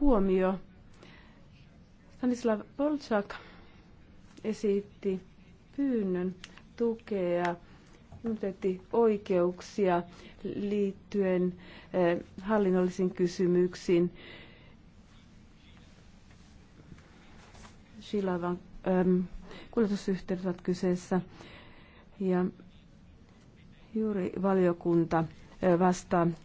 huomio. Stanislav Polchak esitti pyynnön tukea oikeuksia liittyen eh, hallinnollisiin kysymyksiin. Shilavan ehm, kuljetusyhteydet ovat kyseessä. Ja juuri valiokunta eh, vastaa